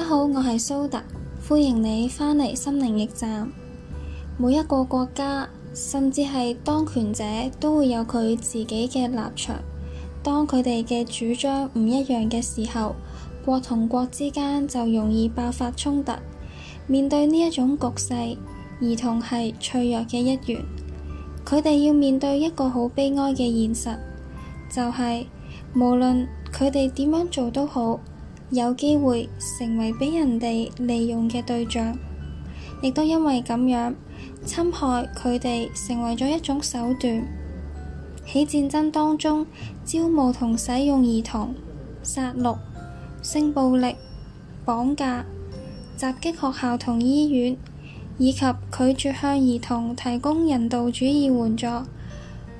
大家好，我係蘇特，歡迎你返嚟心靈驛站。每一個國家，甚至係當權者，都會有佢自己嘅立場。當佢哋嘅主張唔一樣嘅時候，國同國之間就容易爆發衝突。面對呢一種局勢，兒童係脆弱嘅一員，佢哋要面對一個好悲哀嘅現實，就係、是、無論佢哋點樣做都好。有機會成為俾人哋利用嘅對象，亦都因為咁樣侵害佢哋，成為咗一種手段。喺戰爭當中，招募同使用兒童、殺戮、性暴力、綁架、襲擊學校同醫院，以及拒絕向兒童提供人道主義援助，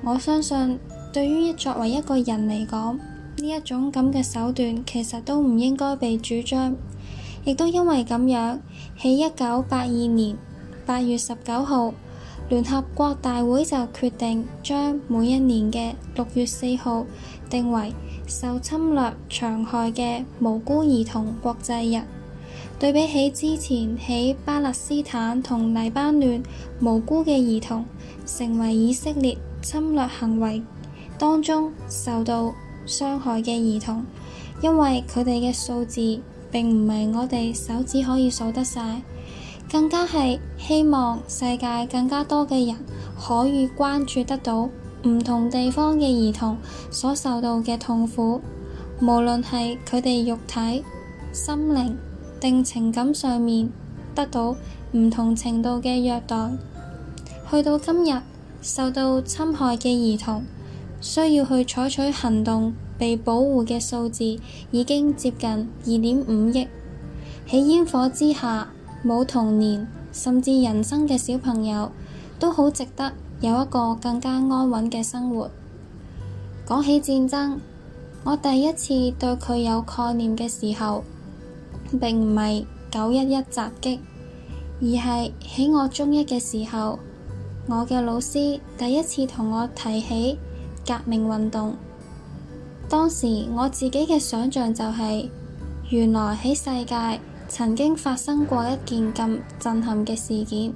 我相信對於作為一個人嚟講。呢一種咁嘅手段其實都唔應該被主張，亦都因為咁樣，喺一九八二年八月十九號，聯合國大會就決定將每一年嘅六月四號定為受侵略戕害嘅無辜兒童國際日。對比起之前喺巴勒斯坦同黎巴嫩無辜嘅兒童成為以色列侵略行為當中受到。傷害嘅兒童，因為佢哋嘅數字並唔係我哋手指可以數得晒，更加係希望世界更加多嘅人可以關注得到唔同地方嘅兒童所受到嘅痛苦，無論係佢哋肉體、心靈定情感上面得到唔同程度嘅虐待。去到今日，受到侵害嘅兒童。需要去採取行動，被保護嘅數字已經接近二點五億。喺煙火之下，冇童年甚至人生嘅小朋友，都好值得有一個更加安穩嘅生活。講起戰爭，我第一次對佢有概念嘅時候，並唔係九一一襲擊，而係喺我中一嘅時候，我嘅老師第一次同我提起。革命運動，當時我自己嘅想象就係、是，原來喺世界曾經發生過一件咁震撼嘅事件。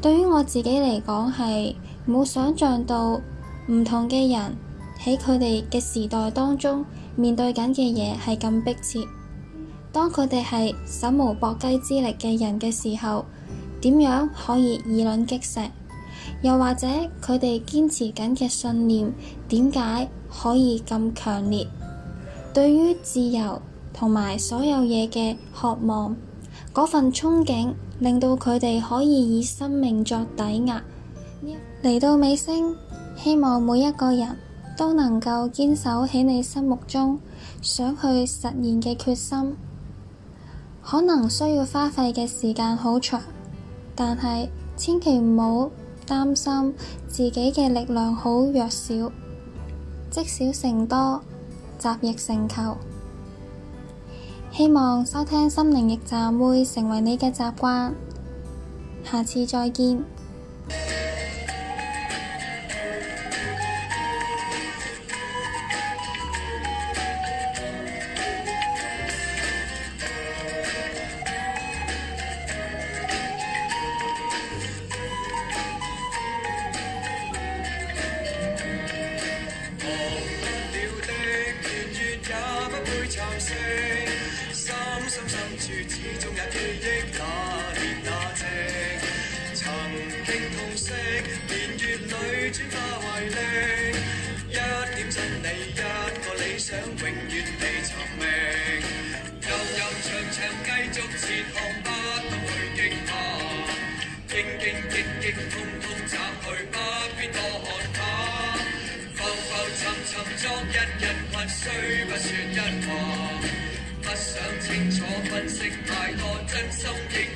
對於我自己嚟講係冇想象到，唔同嘅人喺佢哋嘅時代當中面對緊嘅嘢係咁迫切。當佢哋係手無縛雞之力嘅人嘅時候，點樣可以以卵擊石？又或者佢哋堅持緊嘅信念，點解可以咁強烈？對於自由同埋所有嘢嘅渴望，嗰份憧憬令到佢哋可以以生命作抵押。嚟到尾聲。希望每一個人都能夠堅守喺你心目中想去實現嘅決心，可能需要花費嘅時間好長，但係千祈唔好擔心自己嘅力量好弱小，積少成多，集腋成裘。希望收聽心靈驛站會成為你嘅習慣。下次再見。記憶那年那情，曾經痛惜，年月裏轉化為力。一點真理，一個理想，永遠地尋覓。悠悠長長，繼續前行不，不懼驚怕。驚驚驚驚，通通擲去，不必多看它。浮浮沉沉，沉，昨一日日，雖不算恩愛。清楚分析太多真心的。